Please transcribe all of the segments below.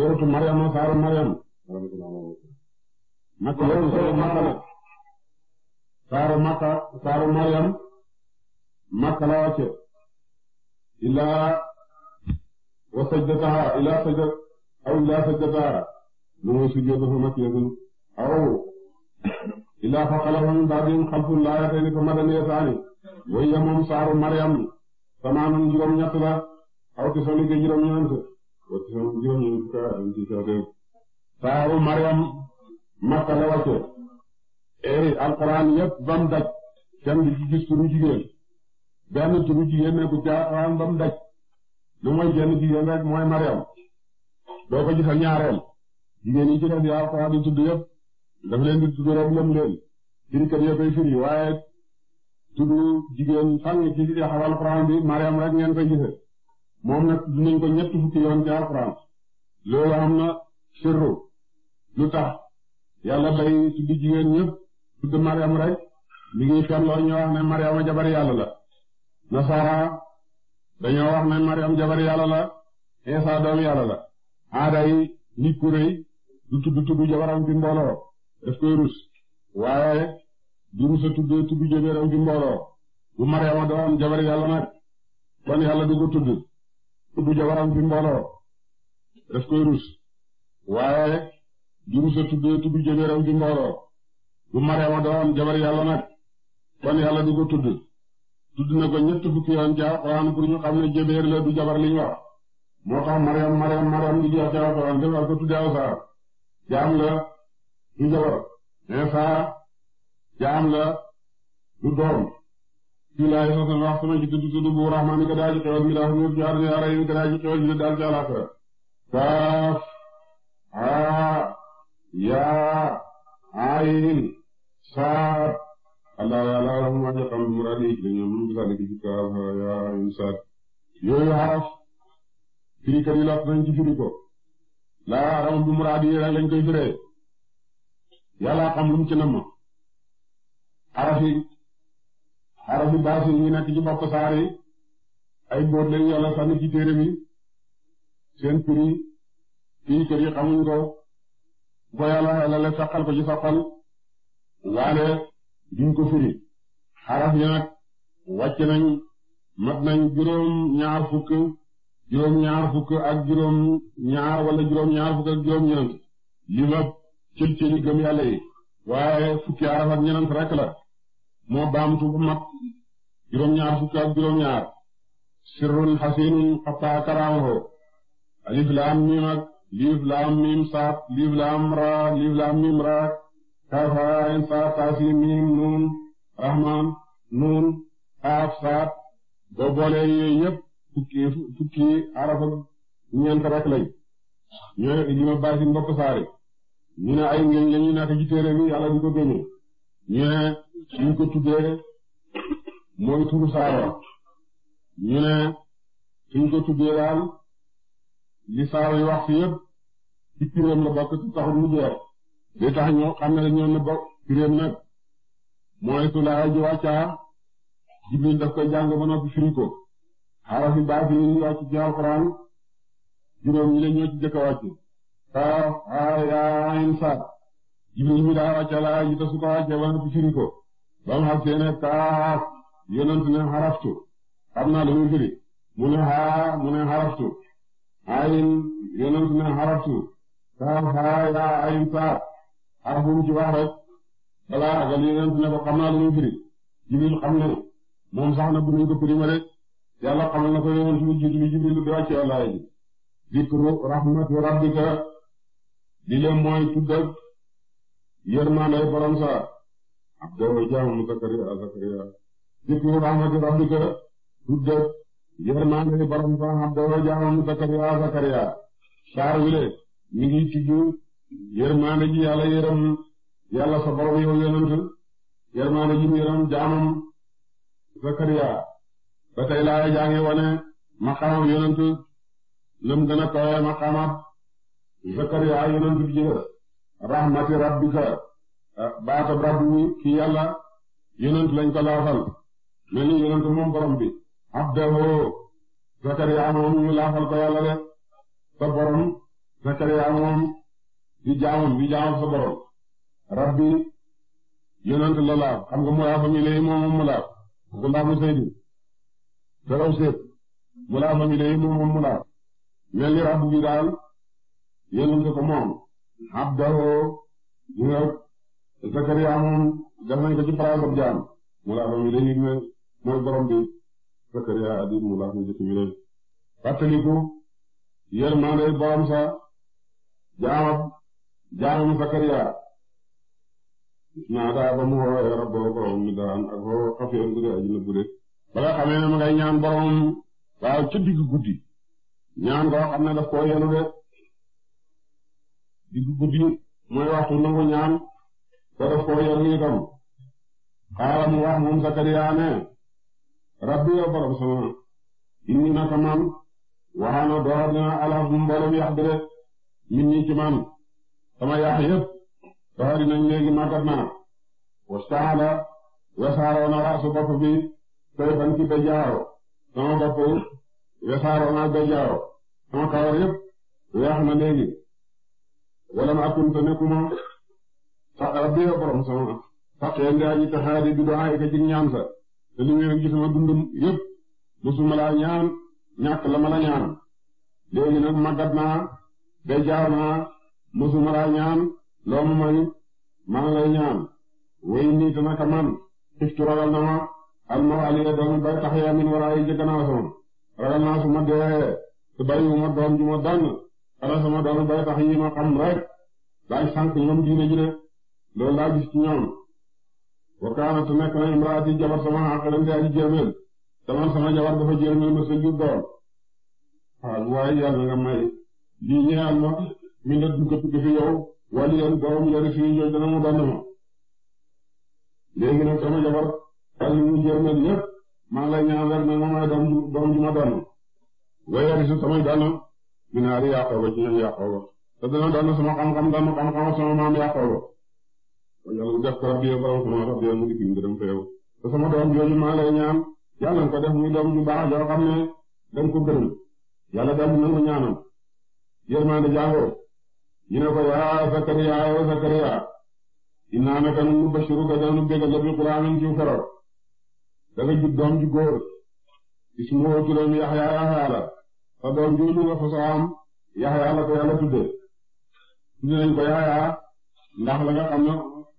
suratu Maryam saaru Maryam Makka saaru Makka la saaru Makka saaru Maryam Makka la wàcce ilaa wa sajdataha ilaa sajda aw ilaa sajdataha nu muy sujjóot dafa makkiyatun aw ilaa fa xalafa min baadihim xalfun laa yatayni fa madaniyataani way ya moom saaru Maryam samaanun juróom ñett la aw tisani ke juróom ñeent waccu juróom ñeent saaru Maryam Makka la wàcce eey alxuraan yépp ba mu daj kenn du ci gis turu jigéen benn turu jigéen ne bu jaaxaan ba mu daj lu mooy jenn jigéen rek mooy Maryam doo ko gisal ñaareel jigéen yi ci def yi alxuraan yi tudd yépp leen di tudd rek lëm leen firikat yéppay firi waaye tudd jigéen sang ci yaxawal alxuraan bi rek ngeen koy gise moom nag du ko ñetti fukki yoon ci alxuraan loolu am na sirru lu tax yàlla day tudd jigéen ñëpp tudd Mariam rek mi ngi fenloo ñu wax ne Mariama jabar yàlla la nasara dañoo wax ne Mariam jabar yàlla la Isa doom yàlla la aada yi nit ku rëy jabaram ci mbooloo daf koy waaye du rus a tudd tudd jabaram ci mbooloo bu Mariama doon jabar yàlla nag kon yàlla du ko tudd ubbi jabaram ci waaye du rus a tuddee tudd jabaram ci mbooloo bu Mariama jabar yàlla nag kon yàlla du ko tudd na ko ñett fukki yoon ci Alxuraan pour xam ne jébéer la du jabar li ñu moo tax Mariam Mariam Mariam di jox ci Alxuraan defal ko tuddee aw saar jaam la du jabar mais saa jaam la du doom bismillahi sa sama wax sama ci ci xewal mi ka daal ci mi daal ci alaxira kaaf aa yaa ayin saat allah yàlla rahma ja xam muradi ci ñoom yaa ayin saat di lot nañ ci firi laa aram bu muradi rek lañ koy firee yàlla xam lu ci namm xaraf yi xarafu baasin yi nekk ci bopp saar yi ay mbóot lañ yàlla sànni ci téere bi seen prix fii kër yi xamuñ ko boo yàlla xelale saqal ko ci sa waale duñ ko firi xaraf yi nag wàcc nañ mat nañ juróom ñaar fukk juróom ñaar fukk ak juróom ñaar wala juróom ñaar fukk ak juróom ñeent li ma cël cëli gëm yàlla yi waaye fukki xaraf ak ñenant rek la moo baamtu bu mat juróom-ñaar fukk ak juróom-ñaar sirrun xasinun xataa karaaho alif laam miim ak liif laam miim saat liif laam raa liif laam miim raa kaaf haa saat taasiin miim nuun rahmaan nuun xaaf saat boo boolee yooyu yëpp fukki fukki araf ak ñeent rek lañ ñooy li ma bàyyi saari ñu ne ay ngëñ ñu nekk ci téere bi di ko gëñee ñu ne suñ ko tuddee mooy turu saawa ñu ne suñ ko tuddee daal li saawa yi wax fi yëpp ci pireem la bokk ci taxul mu jeex li tax ñoo xam ne ñoo ne bokk pireem nag mooy su laaya ji wàccaa Jibril daf koy jàng ba noppi firi xaaral fi baax yi wàcc ci alxuraan juróom ñi la ñoo ci jëkk wàcc saa aa yaa insa Jibril mi daa wàcca laaya ji te ko wàccee ba noppi firi ko ba mu xasee ne kaaf ne xaraftu xam naa lu mu ne haa mu ne xaraftu ayin yonent ne xaraftu kaaf haa yaa ayin saaf xarafum ci wax rek balaa agal ne ko xam naa lu muy firi jibril xam ne moom sax na na ko yonent bi jiitu bi jibril di wàcce yàlla yi dikru rahmatu rabbika mooy tudd ak yërmande Abdou jaamu Zakariya Zakariya zikru rahmati rabbika tudde yërmande borom ba Abdou jaamu Zakariya Zakariya saar wile mi ngi tuddu yërmande ji yàlla yërëm yàlla sa yow yonent yërmande ji yërëm jaamam Zakariya ba tey laa wane maqaamam yonent lëm gën a kawe maqaamam Zakariya yonent rahmati rabbika Ah, baata rabbi ki yàlla yonent lañ ko laafal mel ni yonent borom bi abdahu Zakariya moom ñu laafal ko yàlla rek sa borom Zakariya moom di rabbi yonent la laaf xam nga mu laafam ilayhi moom mu laaf ku laafu Seydou Serap mu laafam ilayhi moom mu laaf mel rabbi bi daal yonent ko moom abdahu Zakariya moom def nañ ko ci place ab jaam mulaafam yi dañuy ne borom bi Zakariya adi mulaaf mu jëkk bi de fàttaliku yërmande borom sa jaamab jaamam Zakariya naa daa ba mu woowee rabboo borom mi daan ak woo xafeen bu aji nëbbu de ba xamee ne ma ñaan borom waaw ca digg guddi ñaan koo xam ne daf koo yenu de guddi mooy waxtu nangu ñaan te daf koo yor nii kon xaaral mu wax moom Sakariya ne rabbi yow borom sama inni naka man waxaana door na ala mboolem yax bi rek min ñi ci man sama yax yëpp doori nañ léegi màggat na wastaala wesaaroo na raasu bopp bi tey fan ci bejaaw sama bopp wesaaroo na bejaaw sama kawar yëpp weex na léegi wala ma akun te nekkuma rabbi ya borom sama faqeen de aji taxaa di dudu ay ka ci ñaan sa te li ngeen gis sama dundum yëpp musuma laa ñaan ñàkk la ma la ñaan léegi nag màggat naa be jaaw naa musuma laa ñaan loo ma may maa ngi lay ñaan way nii te man xiftu ragal na ma al mawaliya doomi bay tax yaa min waraayi ci gannaaw sama ragal naa su ma dee te bàyyiwuma doom ju ma dànn xanaa sama doomi bay tax yi ma xam rek daay sànq ñoom diine ji de loolu laa gis ci ñoom wa kaanat nekk na imraati jabar sama aqilan di aji jërmeel sama jabar dafa jërmeel ma sa jur doom xaal waaye yàlla nga may lii ma mi ne dugg fi yow wàllu yéen borom yéen fii yow ma léegi sama jabar ak li mu jërmeel yëpp maa ngi lay ñaan rek nag ma may doom ju doom ju ma doon waaye yàlla si samay doon dana sama xam-xam dama xam sama maam yàqoo ba yàlla def ko rabbi borom sama rabbi mu ngi fi mu gërëm teew sama doom jooju maa lay ñaan yàlla nga def muy doom ju baax joo xam ne dañ ko gërëm yàlla daal di nangu ñaanam yërmande jàngoo ñu ne ko yaa Zakariya yaa Zakariya innaa naka nu bashiruka danu bégal la bi quraanin ci fero da nga doom ju góor ismuhu turam Yaxya Yaxya la sa doom jooju nga fa soo am Yaxya la ko yàlla tudde tudde nañ ko Yaxya ndax la nga xam ne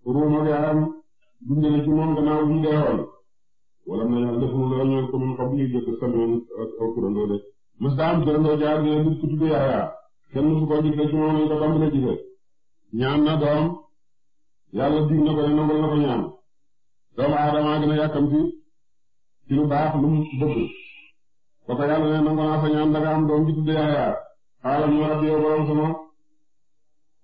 ruumak yaayam dund na ci moom gannaaw bu mu deewoon wala na yàlla deful ñoom ko mun xam ñu jëkk samoon ak turandoo de mës daa am turandoo jaar ne nit ku tudd yaaya kenn mësu ko gisee ci moom lañ ko tàmbalee gisee ñaan na doom yàlla dig na ko ne nangal na ko ñaan doomu aadama gën a yàkkamti ci lu baax lu bëgg ba ko yàlla ne nangu naa sa ñaan da doom ci tudd yaaya xaaral mu rabbi yow borom sama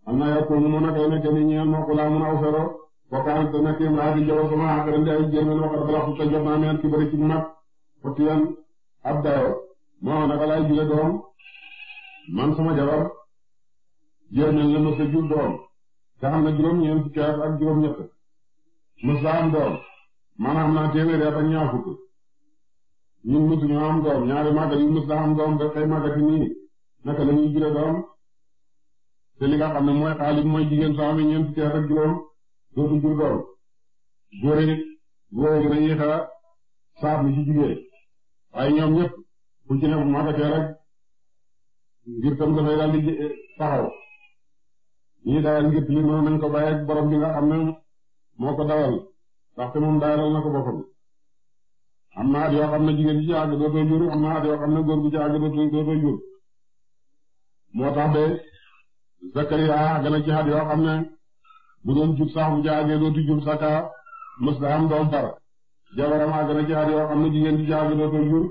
am na yakunu mu naka nekk ni ñeel ma xulaamun aw fero bokkaan te nekk imraati jabar sama akaran di ay jéemen waxat balaxtu jot naa meen kibari ci mag fotiyan ab dayo moo naka laay jure doom man sama jabar jéemen la mësa doom te na juróom ñeent fukki ak juróom ñett mësa am doom man am naa téeméeri at ak ñaar fukk ñun mësuñu am doom ñaari màggat yu mës la doom def kay màggati nii naka lañuy jure doom te li nga xam ne mooy xaalis mooy jigéen soo amee ñeent fukki at ak dootu jur doom góor yi góor waaye ngir tam dafay daal taxaw ñii dawal ngir li mënoon nañ ko bàyyi ak bi nga xam ne moo ko dawal ndaxte moom dawalal na ko boppam am na at yoo xam ne jigéen ji ci àgg dootoo jur am na at yoo xam ne góor gi ci àgg dootoo jur moo tax de. Zakariya àgg na ci at yoo xam ne bu doon jub sax bu jaagee dootu jub saka mës na am doom dara. jabaram àgg na ci at yoo xam ne jigéen ci jaagee dootu jur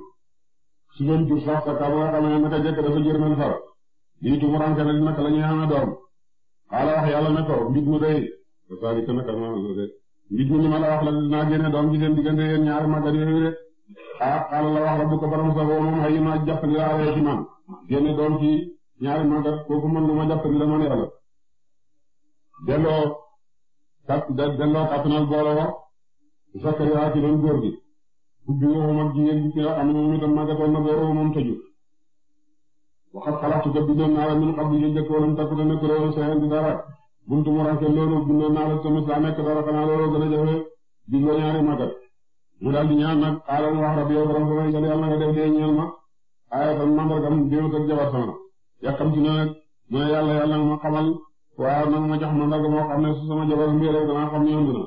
su doon jub sax saka ba nga xam ne naka jëkk dafa jër men fara lii tumuranke na naka la ñuy doom xaala wax yàlla ne ko mbir mu day saalika naka noonu de mbir mu ni ma la wax la dinaa génne doom ci seen diggante yéen ñaari màggat yooyu de ah la wax la bu ko borom sa moom ñaari màggal kooku man lu ma jàpp ni la man yàlla delloo kat delloo booloo wax Sakariya ci doon góor ak jigéen bi ci am moom itam màggatoon na booroo moom tëju waxat xalaatu ko bindoon naa la min qablu mu takku nekk loolu seen naa la tamit daa nekk dara xanaa loolu gën a jafe di loo ñaari màggal mu daal di ñaan nag xaaral wax rabbi yow borom sama yàlla nga def dee ñeel ma aaya tan mandargam déwét ak jabar sama yàkkamti na nag mu ne yàlla yàlla nga ma xamal waaye nag ma jox mandarga moo xam ne su sama jabar mbir rek danaa xam ne yëngu na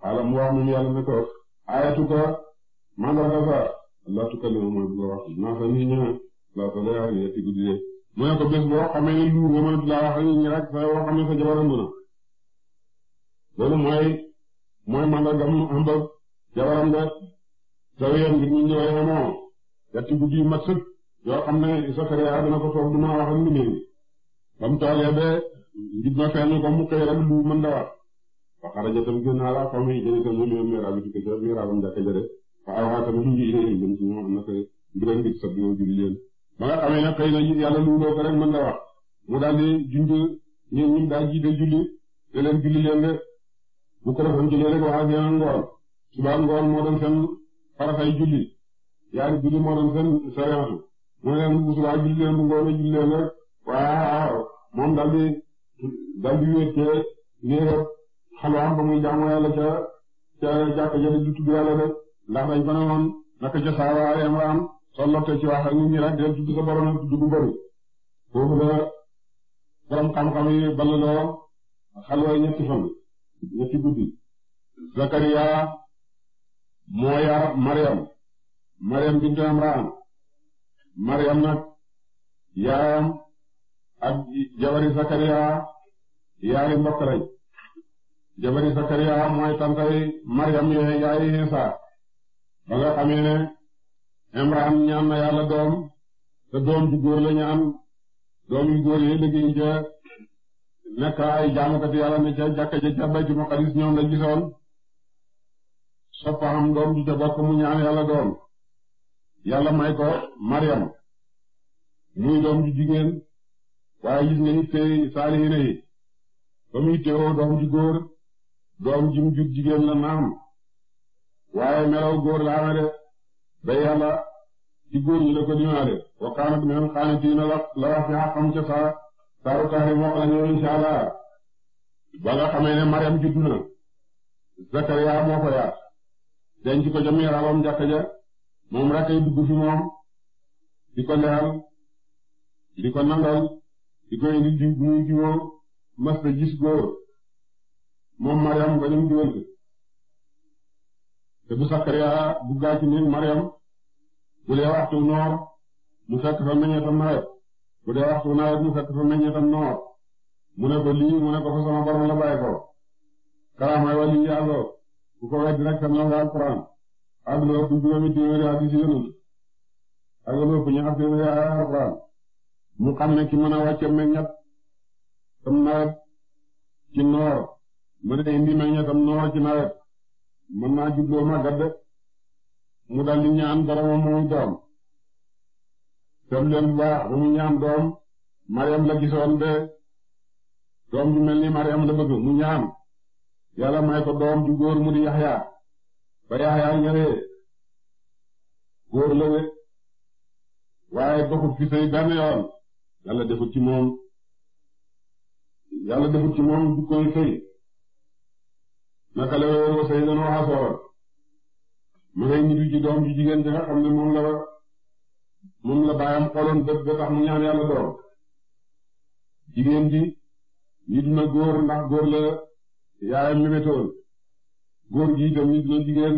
xaaral mu wax moom yàlla ne ko ayatuka mandarga sa la tukallimu mooy bu wax naa sa nit ña laa sa lay wax ci guddi de mu ne ko bés boo xamee ne lu nga mënut laa wax ak ñi rek sa yoo xam ne sa jabar yëngu na loolu mooy mooy mandargam am ba jabaram de sa wéyam ngir ñu ñëwee amoo yàtti guddi yu mat sëkk yoo xam ne Sakariya dana ko toog duma wax ak mbindeef ba mu toogee ba njub ma feeñu ko mu xëy rek lu mën da wax fa xaraja tam génn ala qawmi jënitam mu ñëw miiraam ci kër miiraam njëkk jëre fa awaa tam ñu ngi ilayhim jëm ci ñoom na ko mbiram bi sab yoo julli leen ba nga xamee ne xëy na yàlla lu loo ko rek mën da wax mu daal di junj ñu ñu daal jiite julli te leen julli leen de bu ko defoon julli rek wax ak yéen ngoon subaa ngoon moo doon seen farafay julli yaari julli moo doon seen séréatu mu ne leen bu subaa julli leen bu ngoonee julli leen moom daal di daal wéet cee néegam xalwaam ba muy jaamu yàlla ca ca jàkka ja di tudd yàlla rek ndax dañ ko ne woon naka ca saa waaye soo lottee ci wax ak nit ñi rek di tudd sa borom ak tudd bu foofu la borom xam-xam yi ballaloo xalwa ñetti fan ñetti guddi Zakariya moo yar Mariam Mariam bintu Maryam nag yaayam ak jabari Sakariya yaari mbokk lañ jabari Sakariya mooy tantay Maryam yooyu yaayi Isa ba nga xamee ne Imran ñaan na yàlla doom te doom ju góor la ñaan doom yu góor yi liggéey ca nekk ay jaamukati yàlla ne ca jàkka ja ca Baytu Maqdis ñoom lañ gisoon soppa am doom ju ca bokk mu ñaan yàlla doom yàlla may ko Mariam muy doom ju jigéen waaye gis nga ni tey saalihiina yi ba muy teewoo doom ju góor doom ji mu jigéen la naam waaye melaw góor la amee de ba yàlla ci góor ñi la ko dimaale wa kaanat minal qaanitiina la wax ñaa xam ca saa saaru kaaxi moo ko la ñëw insha allah ba nga xamee ne Mariam judd na Zakariya moo ko yaat denc ko ca miiraabam jàkka ja moom rek ay dugg fi moom di ko leeral di ko nangal di ko indi jiw bu muy jiwoo mës a gis góor moom Mariam nga dem jiwal ko te bu Sakariya bu gaa ci néeg bu dee waxtu noor mu fekk fa meññeetam nawet bu dee waxtu nawet mu fekk fa meññeetam noor mu ne ko lii mu ne ko fa sama borom la bàyyi ko karaamay wali yàlla ku ko wedd rek tam la nga ak lu ëpp juróomi téeméeri hadiis yu yonent ak lu ëpp ñaar téeméeri aaya alxuraan mu xam ne ki mën a wàcce nawet ci noor mën a indi meññatam noor ci nawet mën naa jubloo màggat de mu daldi ñaan boromam moomu doom tam leen bu baax ba mu ñaan doom Mariam la gisoon de doom ju mel ni Mariam la bëgg mu ñaan yàlla may ko doom ju góor mu di Yaxya ba Yaxya ñëwee góor la wet waaye doxut fi sëy benn yàlla defut ci moom yàlla defut ci moom du koy sëy naka la wéeroo sëy dañoo xasoora ma ngay ñitu ci doom ju jigéen ji nga xam ne moom la baayam xooloon ba tax mu ñaan yàlla doom jigéen ji ñitu na góor ndax góor la yaayam mébétoon góor gi itam nit ñi jigéen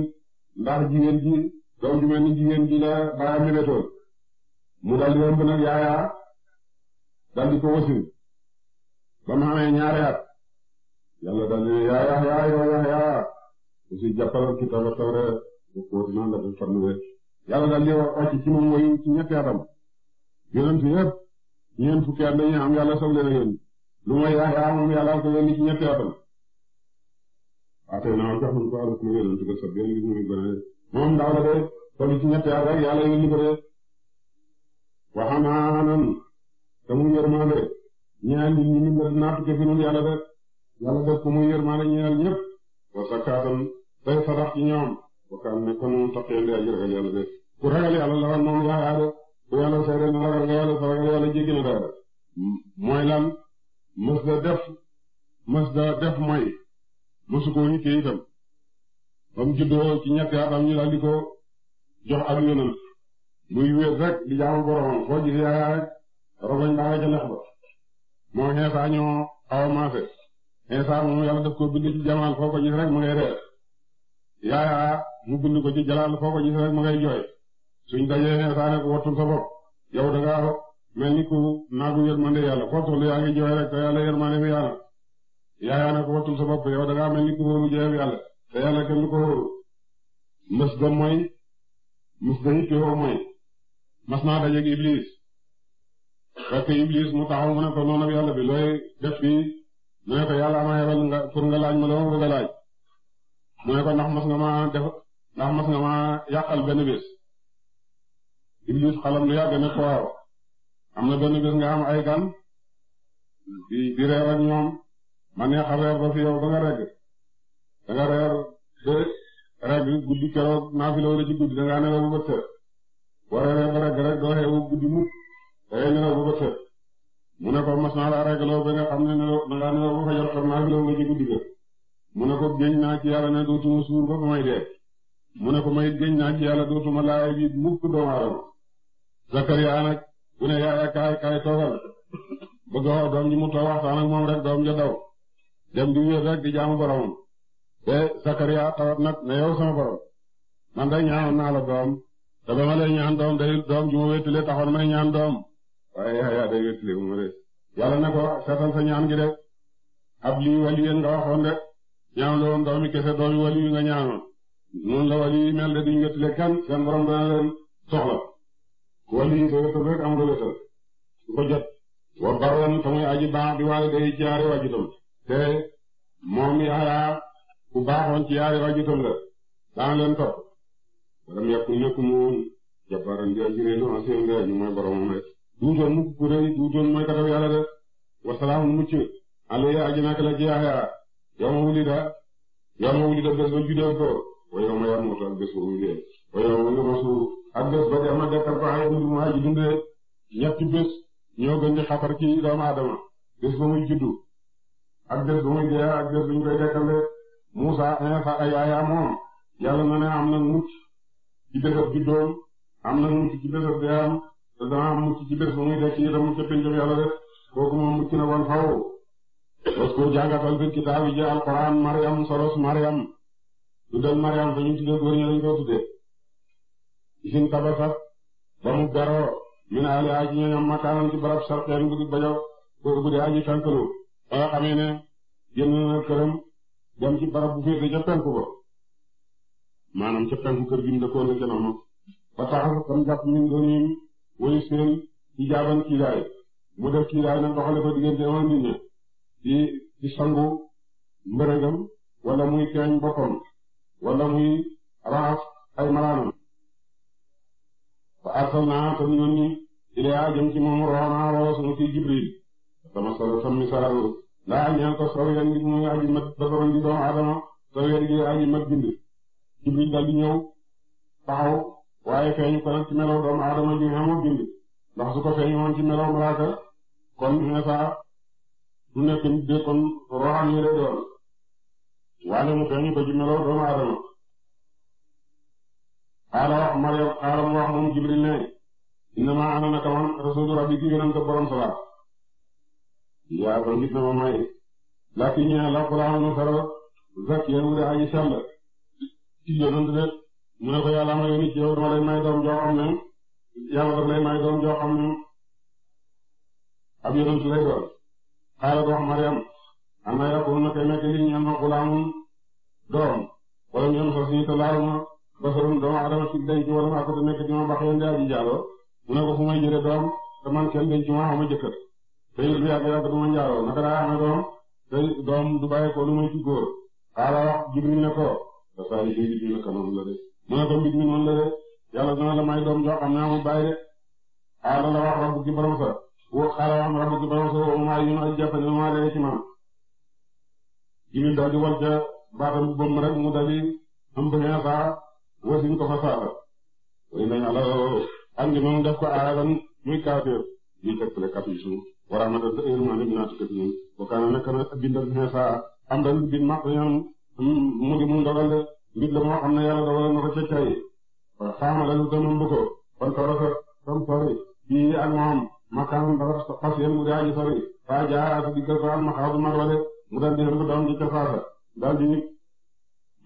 ndax jigéen ji doom ju mel ni jigéen ji la baayam mébétoon mu daldi ëmb nag yaaya daldi ko wasin ba mu xamee ñaari at yàlla daldi ne yaa Yaxya yow Yaxya aussi jàppal kitaaba tawra kooku noonu la ko farluwee yàlla daldi wàcc ci moom mooy ci ñetti atam yonent yépp ñeent fukki at dañuy am yàlla soog leen a yónni lu mooy Yaxya moom yàlla ko yónni ci ñetti ate na jox nañ ko alxuraan yonent bi sab yonent bi ñu ko ne moom ndaw la de tollu ci ñetti at rek yàlla yónni ko de waxamaanan te mu yërmaande ñeel nit ñi mu naatu ke fi nun yàlla de ko mu yërmaande ñeel ñépp wa sakkaatan tay sadax ci ñoom wakaan ne kon taqeen de aji ragal yàlla ku ragal yàlla la woon moom yaayaa ku yàlla seede na ragal nga yàlla sa ragal yàlla jéggi mës da def mës da def mooy mësu ko nit itam ba juddoo ci ñetti atam ñu daal ko jox ak yonent muy wéet rek di jaamu boromam foo gis yaaya rek robañ baa nga ca ba moo xeesaa ñoo xaw maase xeesaa moom yàlla daf ko bind ci jamaal foo ko gis rek ma ngay reer yaaya mu bind ko ci jalaal foo ko gis rek ma ngay jooy suñ dajee xeesaa ne ko sa bopp yow da mel ni ku naagu yërmande yàlla foo tollu yaa ngi jooy rek te yàlla yërmande bi yàlla yaayaa ne ko wattul sa bopp yow da ngaa mel ni ku yàlla kenn du ko wóoru ga mooy mës ga yittewoo mooy mas naa dajeeg iblis fekk iblis mu taxaw mu ne ko noonu yàlla bi looy def fii mu ne yàlla ama yebal nga pour nga laaj ma loo a ndax mas nga maa yàqal benn bés iblis xalam lu yàgg ne waaw am na benn bés nga am ay gan di di reer ak ñoom ma neex a ba fi yow ba nga regg da reer ba regg guddi keroog naafila wala ci guddi da nelaw ba set boo reeree ba rek doo xeewu guddi mukk da nelaw ba set mu ne ko mas naa la reggloo ba nga xam ne nelaw da ngaa nelaw ba fa ci guddi ga mu ne ko géñ naa ci yàlla ne dootuma suur ba fa may dee mu ne ko may géñ naa ci yàlla dootuma laay bi mukk doomu aadama Zakariya nag bu ne yaaya kaay kaay toogal bëgg a doom ji mu toog dem di wéer rek di jaamu boromam te Sakariya tawat nag ne yow sama borom ba ma lay ñaan doom day doom ju ma taxoon may ñaan doom waaye Yaxya day wéttile bu ma de yàlla ne ko seetal sa ñaan gi de ab lii wali yéen nga waxoon de ñaan la doomi kese doomi wali yi nga ñaanoon noonu la wali yi mel de duñ wéttile kenn seen borom dana leen soxla wali yi soo wéttal rek amul wéttal ko jot wa baroon tamuy aji baax bi waaye day jaari wajutam te moom Yaxya ku baaxoon ci yaari waajutam la daan leen topp walam yakun nekku mu woon jabaaran di aji réelu asiim de mooy boromam rek duutoon mukk ku rëy duutoon mooy katab yàlla de wasalaamu mucc alayhi aji nekk la ci Yaxya yawma wulida bés ba juddoo ak bés ba wulidee wa yawma yub'asu bés ba dee ma dekkal ko ay dund mu aji dundee ñetti bés ñoo gën di xatar ci doomu aadama bés ba muy juddu ak bés bu muy dee ak bés bu ñu koy dekkal de Musa Insa Yaya moom yàlla na am na mucc ci bésab juddoom am na mucc ci bésab deewam te dana am mucc ci bés bu muy dekk itam ca pénjam yàlla de kooku moom mucc na woon faaw. parce que jàngatal kitaab yi ji alquran Mariam solos Mariam tuddal Mariam fa ñu tuddee góor ñi lañ ko tuddee. isin tabasat ba mu garoo min ali aji ñoñam makaanan ci barab sarqeen bu di bajaw bu di aji ba xamee ne génn na këram dem ci barab bu féete ca penku ba maanaam ca penku kër gi mu dëkkoon la ca noonu ba taxaw kon jàpp min doonim woyu seen ci jaaban kiidaay mu def kiidaay nag doxale ko diggante woon nit ci sangu mbërëgam wala muy keeñ boppam wala muy raxas ay malaanam fa arsal naa te ñu yónni ilaa jëm ci moom roxanaa roxas mu ci jibril dama solo sam misaaru laa ñeel ko saw yan nit muy aji mat defaroon di doomu aadama saw yan gi aji mat bind jibril dal di ñëw taxaw waaye feeñu ko nag ci melaw doomu aadama ji nga xamoo bind ndax su ko feeñu woon ci melaw malaaka kon Iisaa du nekk nit de kon roxam yi lay doon waaye mu feeñu ko ci melaw doomu aadama xaala wax Maryam xaala mu wax moom jibril ne innamaa ana naka man rasuulu rabbiki borom salaat yaa ko gis na ma may lakki ñeel la qur'aanu sarot zakiyeen mu de aji sell ci yonent de mu ne ko yàlla ma yónni ci yow dama lay may doom joo xam ne yàlla daf lay may doom joo xam ne ab yonent lay doon xaalat nekk li ñeel ma xulaamun doom wala ñoom sa sii te laaluma basarun doomu adama ci denc wala maa ko te nekk di ma bax yende aji jaalo mu ne ko fu may jële doom te man kenn denc ma xama jëkkër sëy bu yàgg yàgg du ma njaaloo naka daa amee doom sëy doom du bàyyi ko lu may ci góor xaaral wax Jibril ne ko dafa li bi ñu naka noonu la de mu ne ko mbir mi noonu la de yàlla dina la may doom joo xam ne amul bàyyi de xaaral la wax rabbu ci borom sa wo xaaral wax rabbu ci borom sa wo maa yu ñu ay jàppale maa lee ci man Jibril daal di wal ca baatam bu bëm rek mu daal di am bëgg saa wasiñ ko fa saasa way nañ ala ak li moom def ko aaran muy kaafir ñu teg kat yi suuf warahmatan yërmande min atikatin wa kaana nekk na bindal insa amran bin maqdiyan mu di mu dogal de mbir la moo xam ne yàlla dogal na ko ca cay faamala lu dëmam bu ko fan torosa sam sori fii ak moom makkaan dafa fas mu di aji sori faa jaa su diggal ko al maxaadu mu dal di hëmb doom faasa dal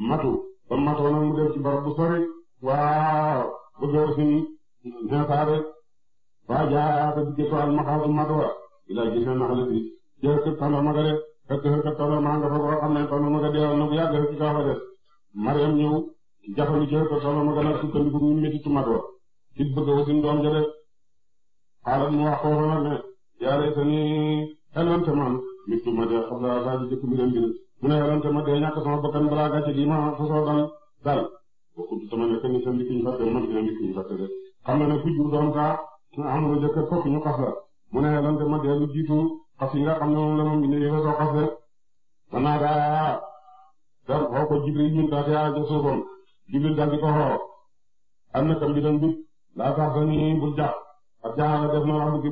matu ba matoo nag mu dem ci barab bu sori waaw bu door sin insa de faa jaa su diggal ko al maxaadu marwa ila gis na naxal si jëf këpp tondoma ga de këpp këpp tondoma nga fa ko xam ne tondoma ga deewoon na ñëw ci jafandu jëf këpp ga nag sukkandiku doom ja de xaalat nag jëkkër fokk ñu xas la mu ne xelam te ma dellu jiitu xas yi nga xam ne moom la moom bi ne soo xas de wanaa daa da xoo ko Jibril ñun daal di àgg ca suufam Jibril daal ko xoo am na kam bi doon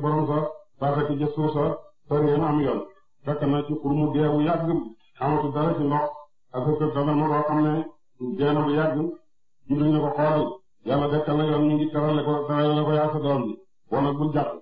borom sa saa fekk suuf sa sa réew am yoon fekk na ci pour mu yàgg xamatu dara ci ndox ak sa kër dana ma doo xam ne dee bu yàgg Jibril ne ko xoolal yàlla dekkal la yoon ñu ngi terale ko terale ko yaa sa doom bi bon nag bul jàpp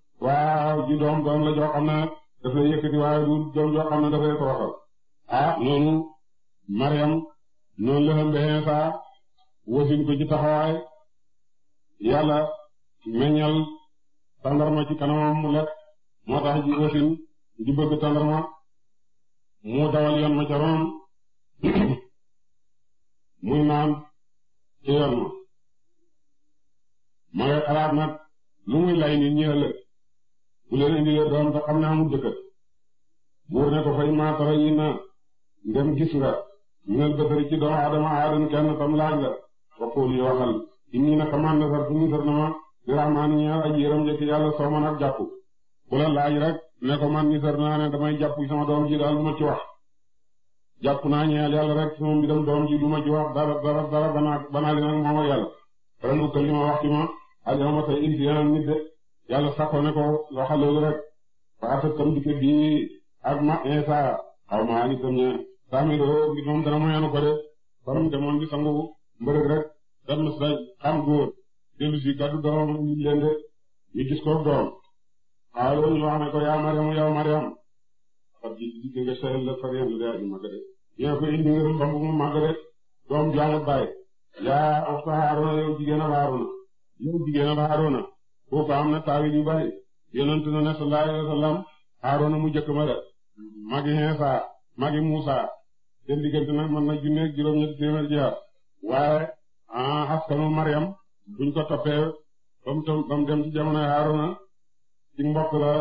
waaw ji doom doom la joo xam ne daf lay du doom joo xam ne daf lay toroxal ah, noonu Mariam noonu la saa wasin ko ci taxawaay yàlla meññal tàndarma ci kanamam lekk moo tax ji wasin ji bëgg tàndarma mu dawal yoon ma ca ron muy naan ci yoon ma ma ngay xalaat nag lu muy lay nit ñi ëllëg bu leen indilee doom te ne amul jëkkër buur ne ko fay maa tara yi na ndem gis nga minal basari ci doomu aadama aadan kenn tam laaj la waxul yi waxal inni na commande sar tu misar jàpp ku la laaj rek ne ko man naa ne damay jàpp sama doom ji daal lu ma ci jàpp naa ñeel yàlla rek sama mbiram doom ji lu ma ci dara dara dara banaa banaa li nag moom ak yàlla ren lu ma wax ci ma alyawma tey insi yanam nit de yàlla sakkoon na ko loxo loolu rek faata tam dikke bi ak ma insa xaw ma ngi tam ña saame doo ngi moom dana moyanu ko de baram demoon di sangu mbërëg rek dam na sa xam góor dellu si gàddu doom yi leen de ñu gis ko doom xaa loolu ñu wax ko yaa Mariam yow Mariam fat ji dikke nga seel la far yenn de aji mag de ñee ko indi ngërëm ba mu mag de doom jaamu baay yaa ak sa Haaruna yow jigéen a Haaruna yow jigéen a Haaruna kooku am na taawil yu bari yonent na ne sallallahu alayhi wa sallam mu jëkk ma de magi Iisaa magi Muusaa seen diggante nag mën na junne juróom-ñetti téeméer jaar waaye ah askanu Maryam buñ ko toppee ba dem ci jamonoy Haaruna ci mbokk la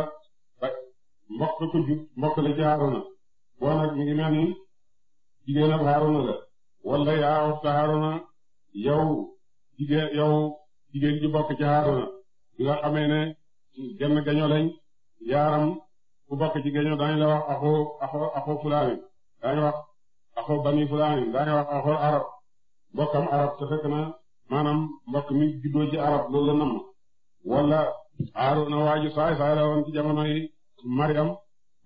mbokk ku jub mbokk la ci Haaruna boo nag ngi mel ni jigéen ak Haaruna la yaa waxta Haaruna yow jigéen jigéen ji bokk ci Haaruna bi nga xamee ne genn gaño lañ yaaram ku bokk ci gaño dañ la wax axo axo axo fulaani wax axo bani arab mbokkam arab te fekk na maanaam mbokk mi juddoo ci arab loolu la namm wala waaju saay saay la woon ci mariam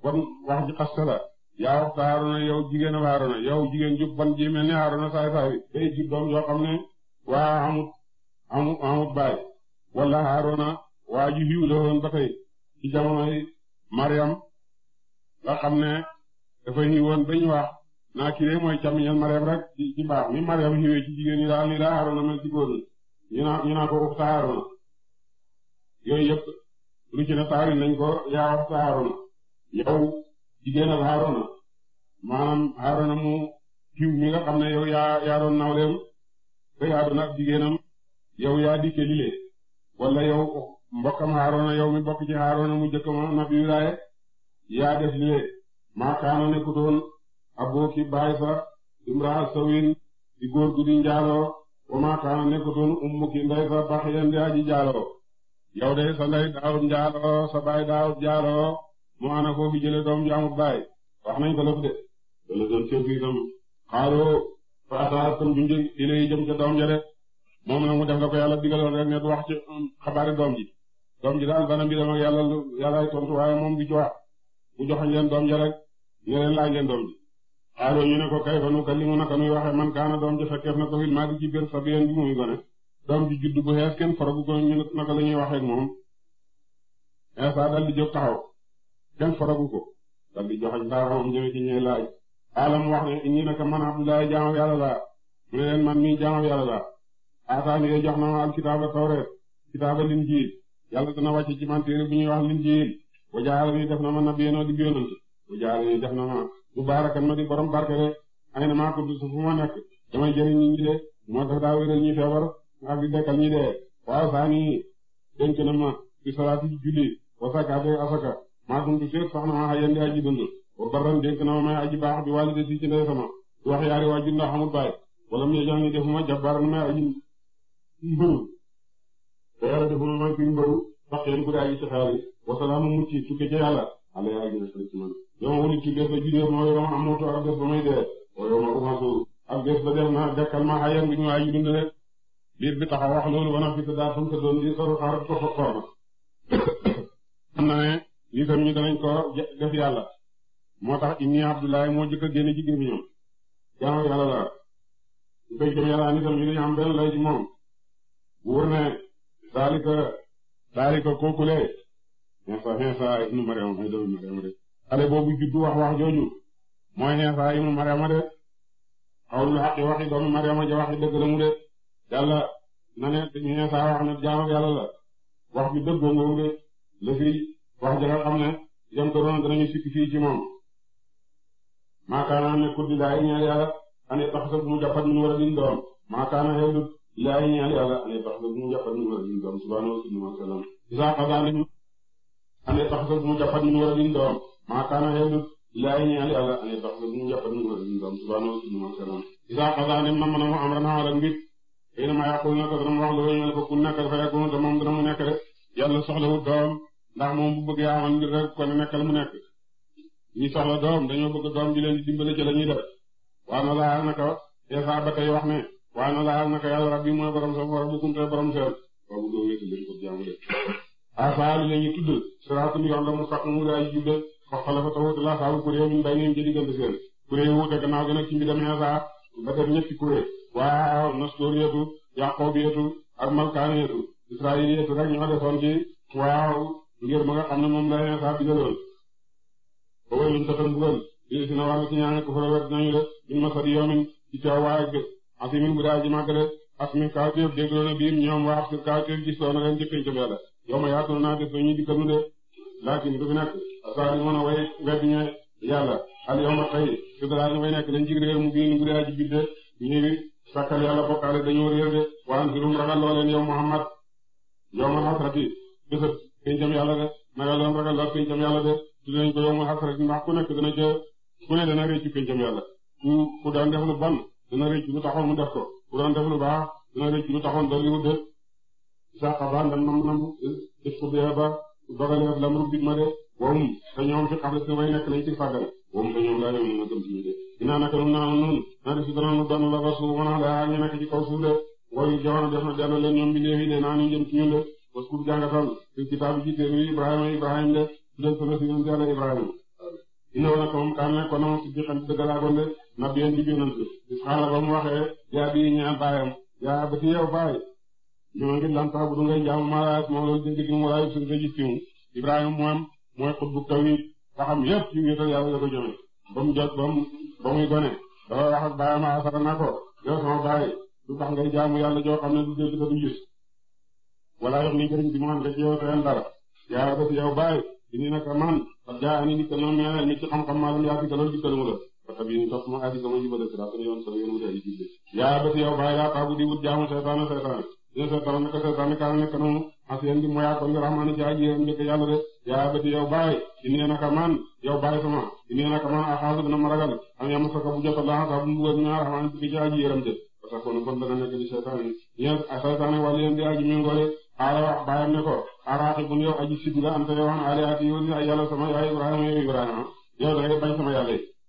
bon wax ji xasta la yaa waxta aaruna yow jigéen ab aaruna yow jigéen ju bon ji ni aaruna saay saay bi day juddoom yoo xam ne waa amut baay wala Haaruna waa ji la woon ba tey ci jamonoy Mariam nga xam ne dafa yiwoon ba ñu wax naa ki de mooy càmmiñal Mariam rek ci mbaax mi Mariam yiwee ci jigéen ñi daal ni la Haaruna mel ci góor ñi ñu naa ko uxta Haaruna yooyu yëpp lu ci ne taari nañ ko yaa uxta Haaruna yow jigéenal Haaruna maanaam Haaruna mu kiw mi nga xam ne yow yaa doon nawleem te yaa doon ak jigéenam yow yaa dikke lile wala yow mbokkam Haaruna yow mi bokk ci mu jëkk ma nabi yaa def li maa kaana nekkutoon abooki baay sa imraa sawin di góor gu di njaaloo maa kaana nekkutoon ummuki ndey sa baxiyan di aji jaaloo yow de sa ndey daawut njaaloo sa baay daawut jaaloo mu ana foofu jële doom jaamut baay wax nañ ko lëf de dana doon seen fii tam xaaloo fa ataa tam junjëg ilay jëm ca doom ja de moom na mu def la ko yàlla digaloon rek ne du wax ci xabaari doom ji doom ji daal bana mbiram ak yàlla lu yàllaay tontu waaye moom du jowaat bu joxoñ leen doom ja rek ne leen laaj leen doom ji xaaloo ñu ne kay fa nu kallimu naka nuy waxe man kaana doom ja fekkeef na ko fil maa di ci biir sabiyan bi muy gone doom ji juddu bu xees kenn forogu ko ñu naka la ñuy waxeek moom Iisaa dal di jëme ci ñey laaj alam wax ne ñi naka man Abdullahi jaamu yàlla laa mu ne aataani ye jox na ma alkitaaba tawreet kitaaba linjiil yàlla dana wàcce ci man bu ñuy wax linjiil wa jaalani def na ma nabiyyan di yonent wa jaalani de na maa kuntu fu ma nekk damay jëriñ nit ñi de julli wa sakaate asaka maa kuntu seet sax na ma xayandi aji dund wa barran dénk na ma may aji baax bi walidati ci ndey sama wax yaari waajur ndax amul baay wala mu yejaan ni defuma jabbaran may aji mbëru te yàlla kuy mbëru sax kenn ku di aji ci xaar yi wasalaama mucc tukkee ca yàlla ala yaa gën a sori ci man yow wuli ci bés ba judee mooy yow ma amootoo ak bés ba may ba def na gàkkal ma xayam bi ñu aji dund rek biir bi taxaw wax loolu ba nag fi daa fam ko di saru xaar ko fa xool xam na ne lii tam ñu danañ ko def yàlla moo tax Ibni Abdoulaye moo jëkk a génne ci gémmiñam jaamu yàlla la ñu koy jëm yàlla ni tam ñu dañu am benn lay ci moom wóor ne zalika zalika kookule Iisaa Iisaa ibnu Maryam mooy doomu Maryam de xale boobu juddu wax wax jooju mooy Iisaa ibnu Maryam de xawlul xaqi waxi doomu Maryam ja waxi dëgg la mu de yàlla na ne ñu Iisaa wax na jaamu yàlla la wax bi dëggoo ngoogu de la wax ja nga ne jëm ko doon danañu sikki fii ci moom maakaana ne kuddi laa yi ñeel yàlla ani tax sa mu jàppat min waladin doom maakaana xeelut yaa ngi ñaan yàlla année tax ba mu jàppat ñu war a din doom subhaanahu wa sallam isaa xasaani ñu année tax ba mu jàppat ñu war a din doom maa kaana yellut yaa ngi ñaan yàlla année tax ba mu jàppat ñu war a din doom subhaanahu wa sallam isaa xasaani man man mu amran xaaral mbir xëy na ma yàqul naka dana mu wax loolu ñu doom ndax moom bu bëggee amal mbir rek ko ne nekkal mu nekk ñi soxla doom dañoo bëgg doom ji leen di dimbale ñuy def waa waa nag laa naka yàlla rabbi mooy borom sa borom bu kumte borom seen boobu doo wéetu lañ ko jaamu de asali lañu tudd siraatul yoon la mu sax mu daay jub de xoxale fa tawut la saabu kuréel ñu bay ngeen ci diggante seen kuréel yi wuute gannaaw gi nag ci mbidam Iisaa ba def ñetti kuréel waaw nastoriyatu yaqobiyatu ak malkaaniyatu israiliyatu rek ñoo defoon ci waaw ngir ma nga xam ne moom la Iisaa bidaloon di yoomin ci coow waaye asimin bu dee aji màgg de asmin kaawteef dégloo na biim ñoom waa asmin kaawteef gis doon leen ci pénc yàlla yow ma yaatu naa def ba ñu dikkal ñu de laakin du fi nekk a way weddi ñu yàlla al yow ma tey su dara ñu fay nekk dañ ci réer mu biin bu dee aji bid de ñuy sàkkal yàlla bokkaale dañoo réer de waan sirum ragal loo leen Muhammad yow ma xasrati bésëb yàlla de naga loon ragal loo péncam yàlla de tudde nañ ko yow ma dana rëcc lu taxoon mu def ko bu doon def lu baax dana rëcc lu taxoon dal li mu def saaka ba ndam nam nam def ko bee ba dogaleef lam rubbit ma de wawum te ñoom fi xabla si way nekk nañ ci fàggal wawum te ñoom laa yoon na gëm ci ñu de dinaa naka lu naa noonu naa def si dana nu doon la ba suuf wanaa laa ñu nekk ci kaw suuf de wooyu jamono def na dellu leen ñoom bi léewi de naa ñu jëm ci ñun de waskur jàngatal fi kitaabu ji téere Ibrahima Ibrahima de su dee solo si ñoom Ibrahima inna woon ak moom kaan nekkoon na ma si biir xam dëgg laa na benn jigéenam ci Isxaala ba mu waxee yaa bi ñaan baayam yaa abati yow baay ñu ngi lanta bu du ngay jaamu maa laa yasma'u loolu dégg mu laa yubsiruuna te gis ñu Ibrahima moom mooy xutbu tawhid taxam yépp ci wéetal Yàlla la ko jëme ba mu jot ba mu ah, na ko yow sama baay du tax ngay jaamu Yàlla joo xam xam nga ci yow yaa abati yow baay di ni la parce que bii topp ma xarit sama ji ba dëkk daa ko yoon sama yoon wuti ay jiite. yaa ba si yow bàyyi laa taabu di wut jaamu seetaane seetaane dina seetaane naka seetaane kaa nekk na mu as yéen di moyaa kon bi rahmaani jaay ji njëkk yàlla de yaa ba si yow bàyyi inee naka man sama inee naka man axaasu dina ragal am yàlla mos a ko bu jot a laax daa rahmaani bi a aji mi ngoole aala ne ko araaki bun yow aji sib nga am te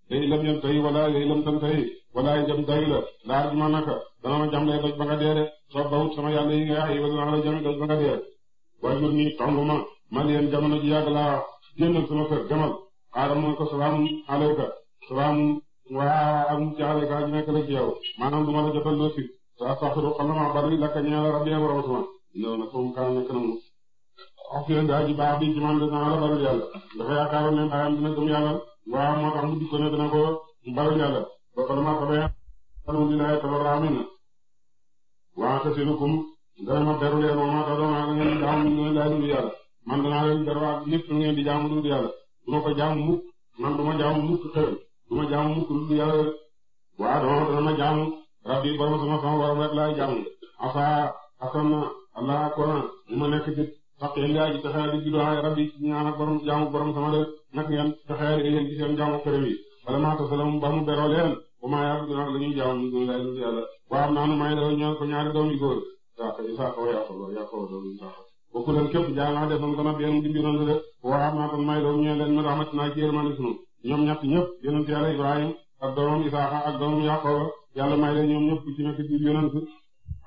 yooyu lam yam tay wala yooyu lam tan tay wala yi jam dayu la laar juma naka dana ma jam lay doj ba nga soo bawut sama yàlla yi nga ay wala la jam doj ba nga dee waajur ni tong ma man ji yàgg laa sama kër gamal xaaral mooy salaamu alayka salaamu waa am ci alayka ak nekk la ci yow maanaam du ma la jotal loo sig te astaxfiru xam na bari lakka ñeela rabbi borom sama ñëw na sama kaa mu wax fi leen daa ji baax bi ci waaw moo tax mu dikk ne dina ko mbaluñ yàlla ba pare maa ko béyee alhamdulilah tabarra amina waaw te seen kum dara ma beru leen moom moo tax doon naa ngeen jaamu ñu ne ngeen di jaamu lu yàlla du ma jaamu mukk man du jaamu mukk xëy du ma jaamu mukk lu yàlla waaw dama dama jaamu rabbi borom sama sama borom rek laay jaamu asa asam na allah akora mu ma nekk ci sax yéen laaj taxaw di juddoo ay rabbi ñaan borom jaamu borom sama de. nag ngeen fexeel ngeen ci seen jaamu këram yi wala maa tasalam ba mu beroo bu maa yaatu dina la jaamu ñu lay nu may wa yaqoba yaqoba doom yu saaka bokku leen képp yàlla Ibrahim ak doomam Isaaxa ak doomam Yaqoba yàlla may leen ñoom ñëpp ci nekk ci yonent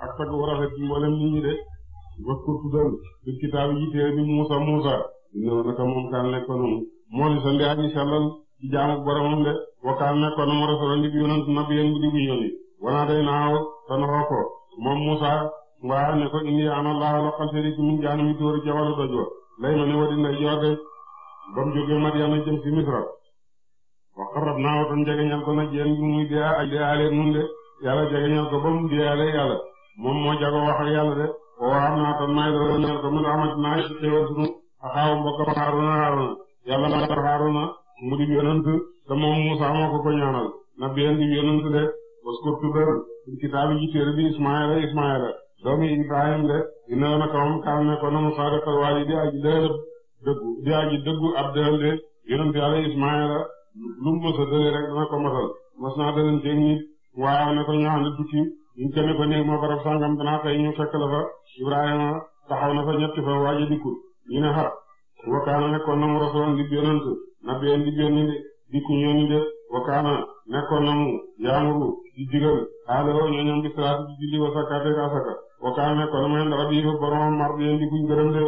ak tagg wu rafet mboolem nit ñi de waskur tuddal fil kitaabi ji moo di sandi aji sellal ci jaamu boromam de wakkaan nekkoon mu rasulan di yonent nabiyan bu di bu yónni wanaa day naaw tan ko moom Musa waa ne ko indi anallahu loqal shariki min jaanami dóor jawalu doj wa lay ma ne wa di nday joor de ba mu jógee Madiyana jëm ci Misra wa qarrabnaa tan jegeñal ko na jéen bi muy dee alee nun de yàlla jegeñal ko ba mu dee alee yàlla moom moo jago wax ak yàlla de wa am naa tan may dara ñal yàlla na Haaruna mu di yonent te moom Muusaa moo ko ko ñaanal nabiyan di yonent de waskur tuddal kitaabi ji téere bi Ismaayila Ismaayila doomi Ibrahim de dina na kawam kaal ne ko na mu saada ko di aji dëggu di aji dëggu ab dëhël de yonent yàlla Ismaayila lu mu mësa dële rek dana ko masal mas naa dëleen teeg nit ne ko ñaanal tukki ñu kenn ko néeg ma barab sàngam danaa xëy ñu fekk la fa Ibrahima taxaw na fa wakaana nekkoon na mu rasulan di yonent nabiyan di di ku yonent de wakaana nekkoon na mu yaamuru di digal aloo ñooñam bi salaat di julli wa sakate ka saka wakaana nekkoon na mu hen rabbi fa borom mardiyan di kuñ gërëm de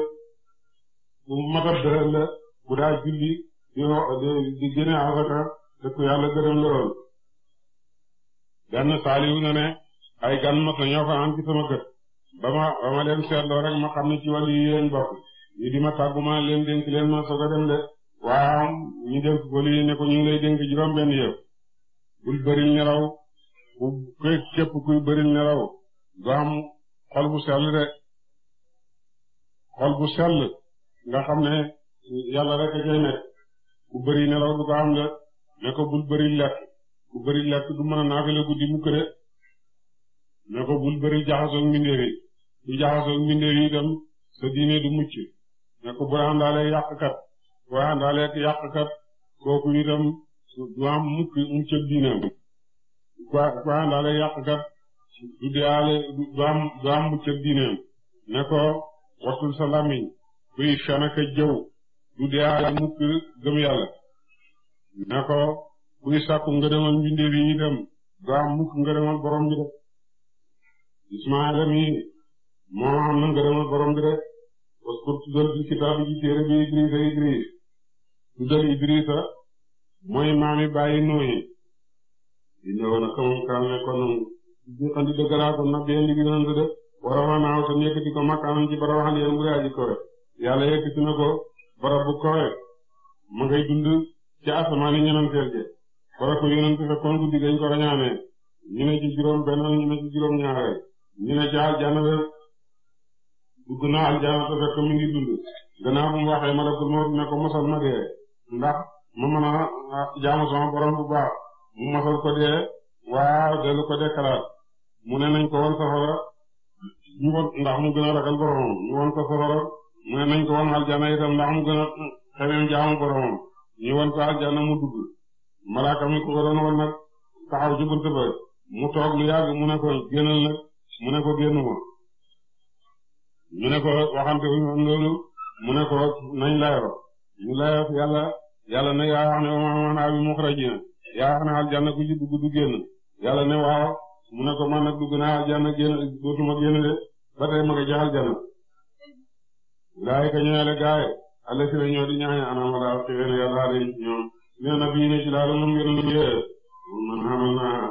bu mata dërël la bu julli di génne asaka te ku yàlla gërëm la lool gann saaliwu na ne ay gan mat na ñoo fa am ci sama kër ba ma ba ma leen rek ma xam ne ci wàllu yi yéen bokk lii di ma tàggu ma leen dénk leen ma soog dem de waaw ñu dénk ko lii ne ko ñu lay dénk juróom benn yëf bul bëril nelaw ku képp kuy bëril nelaw du am xol bu sell de xol bu sell nga xam ne yàlla rek a cay nekk ku bëri nelaw du ko am de ne ko bul bëri lekk ku bëri lekk du mën a naafila guddi mukk de ne ko bul bëri jaxasoog mbindeef yi ku jaxasoog mbindeef yi diine du mucc ne ko booy àndaale yàqkat booy àndaale yàqkat kooku itam du am mukk mucc ak diineem booy àndaale yàqkat du deeale du am du am mucc ak diineem ne ko wattul sa làmmiñ buy fen ak jëw du deeale mukk gëm yàlla ne ko buy sàkku ngërëmal mbindeef yi itam du am mukk ngërëmal borom bi de Ismaayla mi moo am na ngërëmal borom bi de waskur tuddal fi kitaabi ci téere bi Idrisa Idris tuddal Idrisa mooy maami bàyyi nuuyi innahu naka moom kaan nekkoon andi dëggaraakoon na bee liggéey nañ ko def war a wanaaw te yëkkati ko makkaanam ci barab xam yéen bu dee aji kowe yàlla yëkkati na ko barab bu kowe ma ngay dund ci asamaan yi ñenanteel ge bara ko yonent fekkoon guddi gañ ko rañaanee ñu ne ci juróom benn ñu dugg na aljana te fekk mi dund gannaaw bu mu waxee malakul mawt ne ko mosal ma dee ndax ma mën a jaamu sama borom bu baax mu mosal ko dee waaw dellu ko dee kalaat mu ne nañ ko won safara ndax mu gën a ragal boromam ñu won ko mu ne nañ ko won aljana itam ndax mu gën a xemeem jaamu boromam ñu won ko aljana mu dugg malaaka mi ko won nag taxaw ci bunt ba mu toog lu yàgg mu ne ko génnal nag mu ne ko génnuma mu ne ko waxante wuñ moom loolu mu ne ko nañ layoo ñu layoo ak yàlla yàlla ne yaa wax ne man naa bi muxrajina yaa wax ne aljanna ku dugg du génn yàlla ne waaw mu ne ko man nag dugg naa aljanna génn dootuma génn de ba tey ma nga ci aljanna ka ñëwale gaay ale si na ñoo di ñaaña anama daal xëy na yàlla aade ñoom nee na bii ne ci laa doon ngeen liggéey man xamal naa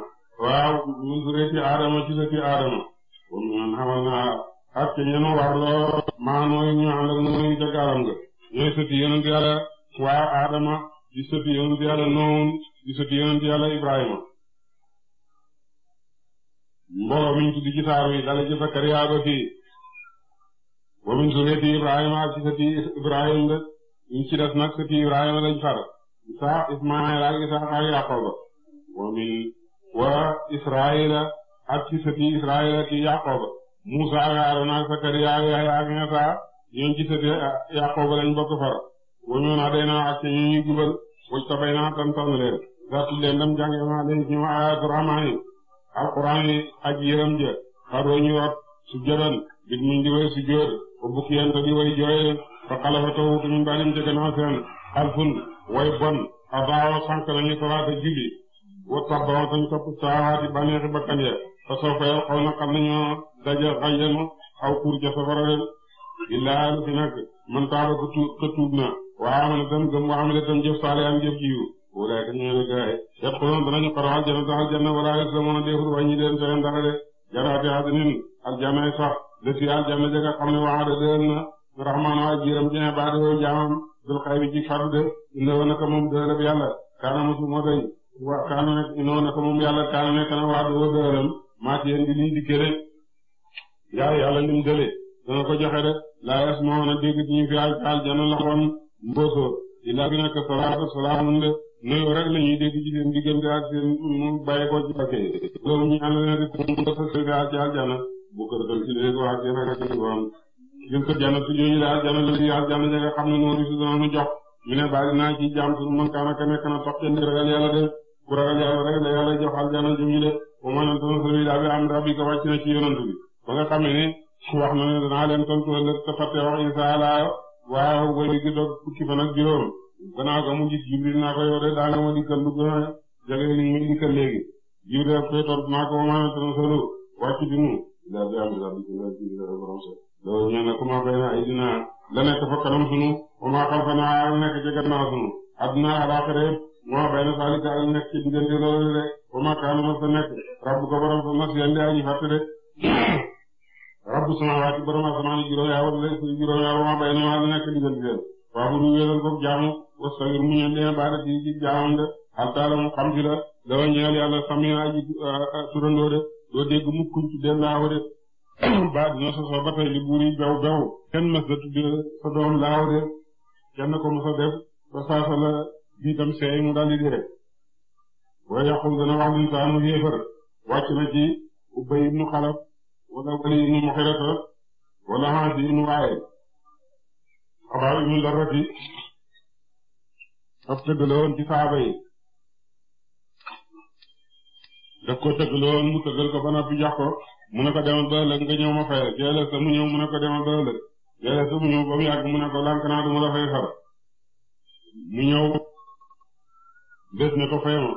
waaw mun su rek ci ci sa ci aadama man xamal naa ak ca ñenu warloo maa nooy ñu ànd ak nooy ca gaalam ga ñooy sëti yonent yàlla waaw Adama di sëti yonent yàlla Noohun di sëti yonent yàlla Ibrahima mbooloo mi ñu tuddi ci saaru yi dala ci Sakariya ba fii wa min suriyati Ibrahima ak ci sëti Ibrahima ñu ci des nag sëti Ibrahima lañ far Isa Ismaayil ak Isaaq ak Yaaqooba wa wa Israayila ak ci sëti Israayila ki Musa ak Aarona Sakariya ak Yahya ak Insa ñooñu ci sët Yaaqooba lañ bokk far wañu naa day naa ak ñu ñuy jubal wacc ta naa tan tan leen dartu leen dam jàngee naa lay ñu ayaatu rahmaani alquran yi aj yërëm ja xaroo ñu rot su bit muñ di way su jóor ba bukki yanta di way jooy fa xalafa tawutu min baalim ca gannaaw seen alfun way bon a baawa sànq nañu salaata julli wa tabbaaw tañ topp saawaati bànneexi bakkan ya fa soofa yalqaw na xam nañoo daje xayyan aw kuur ca safara leen illaa lu fi nag man taaba ko tuub ko tuub na waa gëm waa amana tam jëf saale am jëf jiw wulaay ka ñëwee gaay yëpp noonu danañu xoro aljana sax aljana wala a déefut sax lëti aljanna ja xam ne waxaade dël na rahmaano ay jiiram jene baade woo jaamam dul xay bi ci fardu de inna woon naka moom dëlëb yàlla kaana mosu moo day wa kaana nekk inna woon naka moom yàlla kaana nekk na waadu woo maak yéen bi liñ dikkee rek yaay yàlla lim dële dana ko joxe rek laa yas ma woon a dégg ñu fi al aljana la woon mbóosóor di laa bi nag salaatu salaamun de nuyoo ko ci bakke yi ko defal ci léegi waa seen ak ci woon gis ko jana su jooju daal jana la ne noonu su doonu jox mi ne bari naa ci nekk na tox ca ragal yàlla de ku ragal yàlla rek la yàlla jox aljana jëm ñu de wa ma anzalna sabila bi amri rabbika wàcc na ci yonent bi ba nga xam ne wax na ne danaa leen tontu ëllëg te fàtte wax Isa laa waaye way gi dog fukki fan ak juróom gannaaw ga mu njiit naa ko yow de nga ma dikkal lu gën a jege li muy dikkal léegi Jibril daf koy tontu naa ko wa ma anzalna sabila wàcc bi mu daa bi amri rabbika wàcc na borom na ay dina la nekk fa kanam sunu wa ma nekk ci gannaaw sunu loolu de wa ma kaana mas a nekk rabbu ko borom ko mos de aji fàtte de rabbu samaawaati borom asamaan juróom yaa wala juróom yaa wama bay na maa nekk digal digal waa bu ñu wéyal ko jaamu wastagir mu ñëw dina baal di ci jaamam de altaala mu xam si la dafa ñeel yàlla sami aji ah, ah, turandoo de doo dégg mukk tuddee laaw de baa dina sosoo ba tey li buur yi bew kenn mës da tuddee sa doom laaw de kenn ko mës a def ba saasa la biitam seey mu daldi dee wa yaqul dana wax wàcc na ci Ubay ibnu Xalaf wala Wali ibnu Muxirata wala Haas ibnu Waayil Abaa ibnu Larrati ab tëggaloon ci saaba yi daf ko tëggaloon mu tëggal ko ba noppi jox ko mu ne ko demal ba ëllëg nga ñëw ma fay la jëlee sa mu ñëw mu ne ko demal ba ëllëg jëlee sa mu ñëw ba mu yàgg mu ne ko lànk naa du ma la fay xar mu ñëw bés ne ko fay ma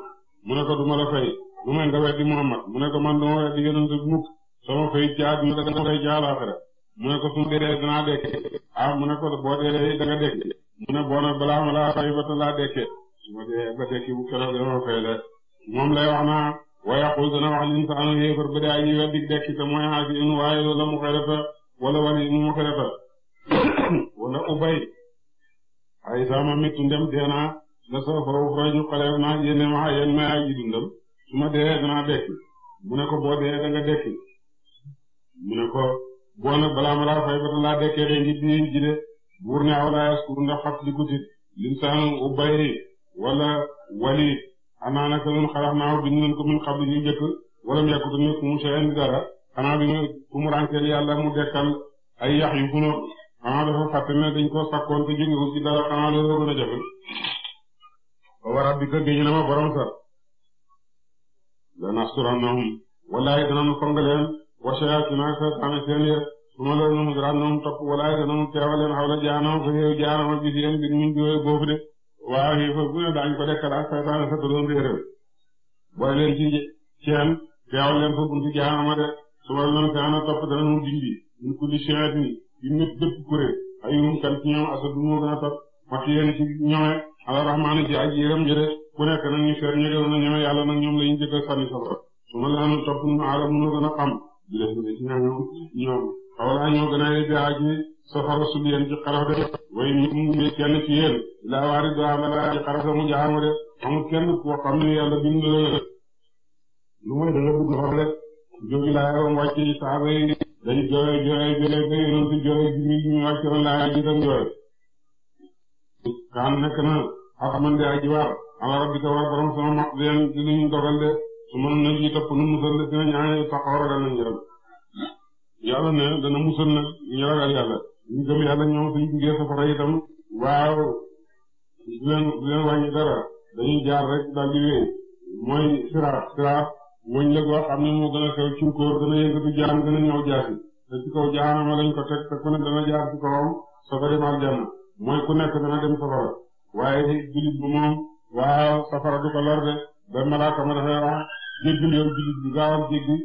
mu ne ko du ma la fay lu may nga weddi Muhammad mu ne ko man duma weddi yonent bi mukk sama fay jaag ñu dama fay jaal axira mu ne ko su ma dee danaa dekke ah mu ne ko boo dee da nga dekke mu ne boo na balaa ma laa fay ba te laa dekke su ma dee ba dekki bu keroog dama fay de moom lay wax naa wa yaqul dana wax lin sa ano yéefar ba daa ñuy weddi dekki te mooy xaasi in waaye wala mu xerata wala wali mu mu xerata wala ubay ay sama mittu ndem deenaa la soo fa ufra ñu xaleef naa yéene ma yéen may aji dundam su ma dee danaa dekki mu ne ko boo dee danga dekki mu ne ko boo nag balaa ma laa fay ba laa dekkee de ngi di ji buur ne aw laa yaskur ndax fàttali ko ci limsaanu ubayri wala walid xanaa naka ñun xalaat naa bind nañ ko min qabli ñu jëkk wala mu yàgg tamit mu seen dara xanaa bi mu bu rànkeel yàlla mu dekkal ay yax yu gunóor xanaa dafa fàtte ne dañ koo sakkoon te jógewul ci dara xanaa loolu gën a jafe ba war a bi gëgg ñu ne ma lanasturannahum walaay danañu kongaleen wa shayaatiina ak seytaane seen ya suma la nunzirannahum topp walaay danañu teewaleen xawla jaanama fa xeew jaanama bi seen bi ñu jóoy boofu de waaw yi fa gune daañ ko dekkal leen ci seen teewal leen fa buntu jaanama de suma la nunzirannahum topp danañu dindi ñu kulli shayaatin yi nit bépp kuréel ayum kan ci ñoom asadu moo gën a topp mati yéen ci ñoome ala rahmaani ci aji yërëm jëre ku nekk nag ñu seet ña gënoon a ñeme yàlla nag ñoom la ñu jëkk a sànni safara su ma la nu topp nu aalamu noo gën a xam léegi ci ñoom ñoom xawlaa ñoo gën a yebbi aji safara su leen ci xaraf de way ñu kenn ci yéen laa waari doo am laa ci xaraf mu jaama de amul kenn koo xam ne yàlla bind lu mooy da nga bëgg xaraf de jógi laa yaroon wàcce yi saaba yi dañu jooy jooy jooy ba yénoon ci jooy gi mi ñu wàccoon laa ji tam jooy kaan nekk na xaxaman de aji waar ala rabbika wala borom sama ma leen di luñ dogal de su ma nañ ci topp nu musal la dina ñaanal taqwa ragal nañ yàlla ñu ragal yàlla ne moo gën a xew cunkóor gën dana jaar ci kawam safari maal janna mooy ku nekk dana dem safara waaye jullit bu moom waaw safara du ko lor de ba malaaka ma dafay wax jéggil yow jullit bi gaawal jéggi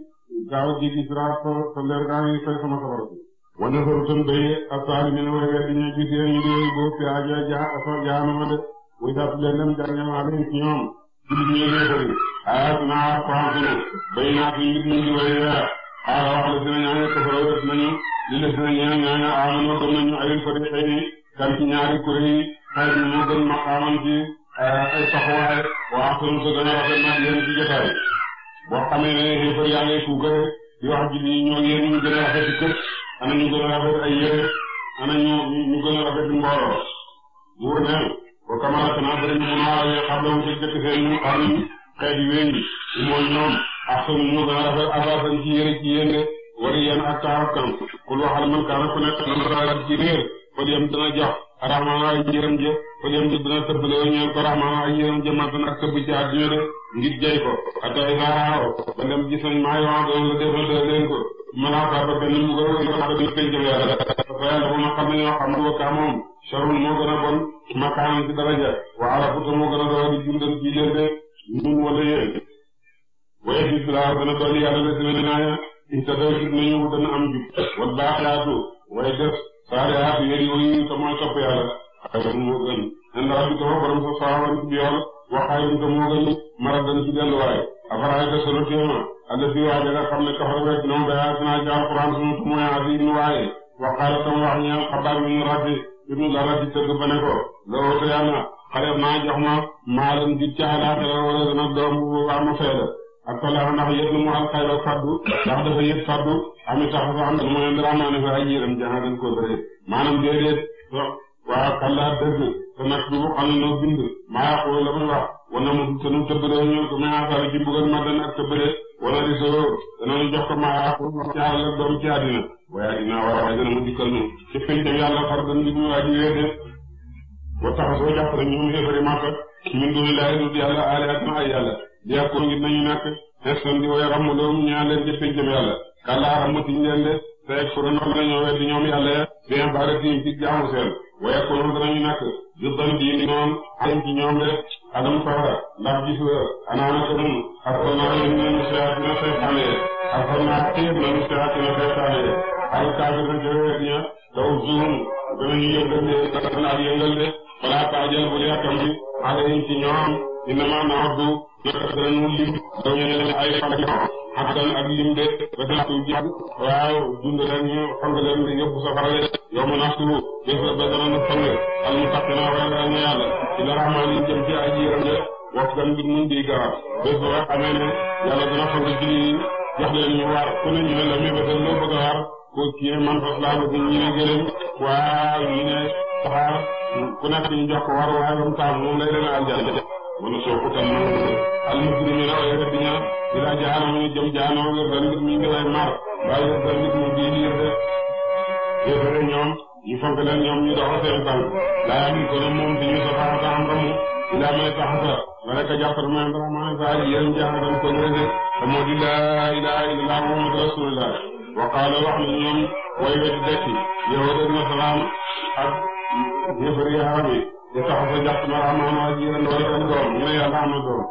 gaawal jéggi siraat sa leer gaa ngi fay sama safara bi wande saru tan baye asaalimina way weddi ñi gis yéen ñi di boo fi aja ja asar jaanuma de way daatu leen dem jàngel alayhi ci ñoom jullit ñi lay bëri ayat naa fansinu bay naa fi mbir ñu di way leer xaala wax la sina ñaaña kafara wet nañu li la sina ñeen ñaaña amanoo gëm nañu ayil ko di xëy kan ci ñaari kuréel yi xëy na ñoo gën maqaaman ci Eh, eh, ay taxawaay waa xam sa gën a rafet nag yéen ci jotaay boo xamee ne yëpp yaa gën a rafet ci kër ana ñu gën a rafet ay yére ana ñu gën a rafet mbooloo buur ne wa kamala tanaa bëri ñu mun a waaye xam la wuute jëkk seen ñu xam xeeti mooy ñoom ak seen ñu gën a rafet asaasan ci yére ci yéen de wari yéen ak taarab kan kul waxal man kaana ku nekk na ci réer fa dem dana jox rahmaanaay njëram jëf fëleem ci dina tëbb la ñëw ko raxma ay yéram ak tëbb ci àdduna de ngir jay ko atay saaraaw ba dem gis yoon la defal leen ko malaaka ba benn mu ko dina ma xam ne ñoo xam ko kaa moom sharul moo gën a bon makaanam ci daraja wa arafuta moo a doon di jundan ci dolli yàlla la dina naaya ita doy jub nañu dana am jub wal baaxaatu waye def saalihaatu yëri yooyu te mooy topp yàlla xayrun moo gën inda rabbika fa borom sa saawan ci yool wa xayrun te moo gën maradan ci delluwaay afara'ayta solution allati waaja nga xam ne kafara wet noonu ba yaa sinaa ci alxuraan sunu tu mooy aziim waaye wa qaala tam wax ñeel xabaab ibnu rabi ibnu dara ci tëgg ba ne ko loo te yàlla xalef naa jox ma maalam di ci alaaxira wala dana doom bu baax ma fayda ak talaax ndax yët na mu alxayra faddu ndax dafa yët faddu amit tax fa am na mooy ndaraamaane fa ay yëram jaxadan ko bëre maanaam déedéet waa kallaa dëgg te nag bu mu xam ne bind maa xool la muy wax wala mu te nu tëbëree ñëw ko mais asal ci mbugal ma dana ak tëbëree wala di soo danañu jox ko maa xool ci àll doom ci àddina waaye war a waaye dana mu dikkal nu ci pencam yàlla far dan di muy waa ji weete wa tax soo jàpp rek ñoom yéefari màkka min duni laay dut yàlla aalihatun ay yàlla di yàkkoo ngi nañu nekk xestan di way ramm doom ñaa leen ci pencam leen de te yàlla ya bien bare waaye i ne danañu nekk juddan diini ñoom xarim ci ñoom de adam sawara ndax gis nga anaanakarum asal naa leen nañu seyaatina seytaane asal naa xiir nañu seyaatina seytaane al kaafir jëreet ña taw zuum danañu yëngal de danañu yëngal de balaa taajal bu leer tam bi alayhim ci ñoom innama na'uddu naka danañu lim dañu leen ay fan xattan ak lim de ba naxtu jàpp waaw dund leen ñu fang leen di yóbbu safara de yow ma naxtu bés ba danañu fang al muttaqina ragal na yàlla ila rahmaan yi jëm ci ay yéram de waxtaan bi mun di garab bés ba nga xamee ne yàlla dana fang julli jox leen ñu waar ku ne ñu ne la mébétal loo bëgg a waar ko kii ne man fas laa bëgg ñu ne gëlëm waaw ñu ne saxaar ku nekk ñu jox ko war waaye ba mu taam moom lay dana aljanna wala soo ko tënk almuslimina waaye rek dina ila jahannama ñu jëm jahannama nga gën nit ñi gën a mar waaye nga gën nit ñi di yéex a yéex a ñoom ñu fonk leen ñoom ñu doxal seen tànk laa yàgg ko ne moom dañuy safaata am ramu ilaa may taxata nga rek a jàppal ma rahmaan saa yi yéen jaaxal ko ñu rëdd te moo di laa ilaha illallah muhammad rasulullah wa qaala wax na ñoom way weti dekki yow rek na salaam ak yëfër yi te taxul sa jàpp na rahmaani ak yéen a doon doom ñu ne yàlla doom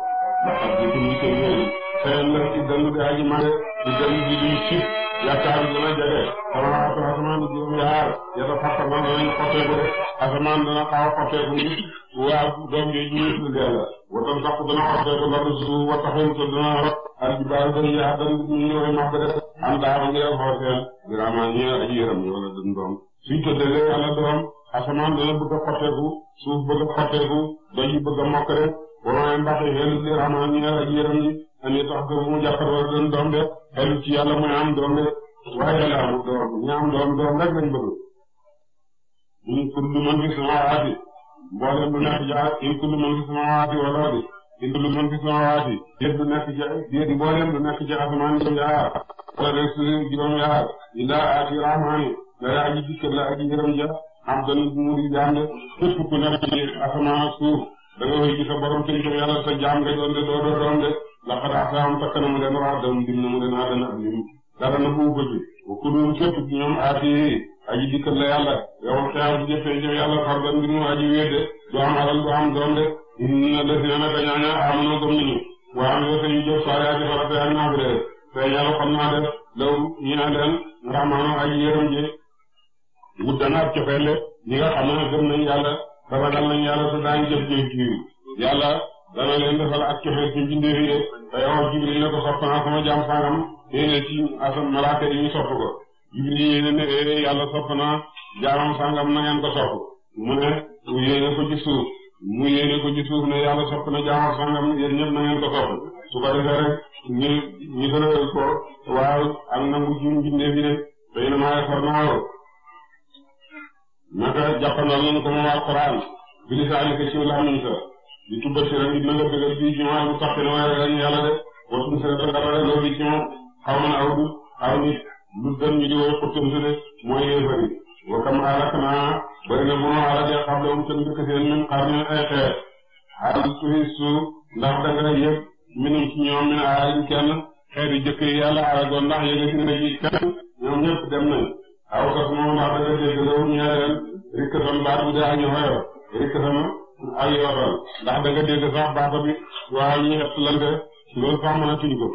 ndax ak jiitu bi ko yooyu la ci dënd bi aji màgg di dënd bi di ci yaakaar dina jege sama asamaan di juróom yaar yata fàttal na danañ xotteeku rek asamaan dana xaw a xotteeku waa doom yooyu ñu ngi tuddee la watan sax dana xotteeku la suuf jibaar gën yaa dënd bi ñu ñëwee màgg rek am daara ngeen xool seen biraamaa ñëw aji yërëm yow la doom suñ ko dëndee yàlla doom asamaan dana bëgg a xotteeku suuf bëgg a xotteeku doj yi mokk rek wamaa mbaxee xel li raxmaan ñeel ak yéram yi ani tax ko mu jàppal wala doon doom de xelu ci yàlla mooy am doom rek lañ bëgg in kullu man fi samawaati mboolem lu nekk ja in kullu man fi samawaati wala di in kullu man fi samawaati déet lu nekk ja déet mboolem lu aji dikkal la aji yéram ja am dana buur yi jàng képp ku nekk ci asamaan ak suuf da nga ci sa borom te ñu sa jaam de doo doon de laqad ataahum takk na mu leen wax dam dim na mu leen wax dana ab lim dara na ko bëgg kulum képp ñoom aati aji dikkal la yàlla yowal xiyaam ci jëfee jëf far dam di mu aji wéede du am alal du am doon de inna lesina naka ñaaña am na gëm waa am yoo sañu jëf saariyaati farate ak naafile te yàlla xam naa def law ñi na leen rahmaanu aji yërëm ji mu dana ab cofeele ñi nga xam ne gëm nañ yàlla yàlla te daañu jëf jëf ci yàlla dana leen defal ak cofeel ci mbindeef yi de te yow Jibril ne ko sopp eh, eh, yàlla sopp naa jaamam sangam na ngeen ko sopp mu ne yéene ko ci suuf mu yéene ko ci suuf ne yàlla sopp na jaamam sangam yéen ñëpp na ngeen ko sopp su ko defee rek ñu ñu gën a ko waaw am nangu ci mbindeef yi de tey na maa yor naa naka jàppandal nañ ko moom alquran bi lisaani ko ci làmmiñ sa di tubba si rek dina la bëggal bii ci moom bu sàppe ne waaye rek yàlla de watum sa da dara loolu ci moom xaw man aw du aw nit lu dem ñu di woy xuttam si de mooy yéefari wa kam alak naa bari na bu nu alakee xam la um seen dëkk seen min xam ne ay xeer xaal tuhi su ndax danga yëg minum ci ñoom min aaraj kenn xeer yu jëkk yi yàlla aragoon ndax yëg a si ne ci kenn ñoom ñëpp dem nañ aw kas moom ndax da nga dégg law ñeeleen rikkatan baat bu daa ñu xoyo rikkatan ak yoobal ndax da nga dégg sax baata bi waa ñu xett lante loolu sax mënatuñ ko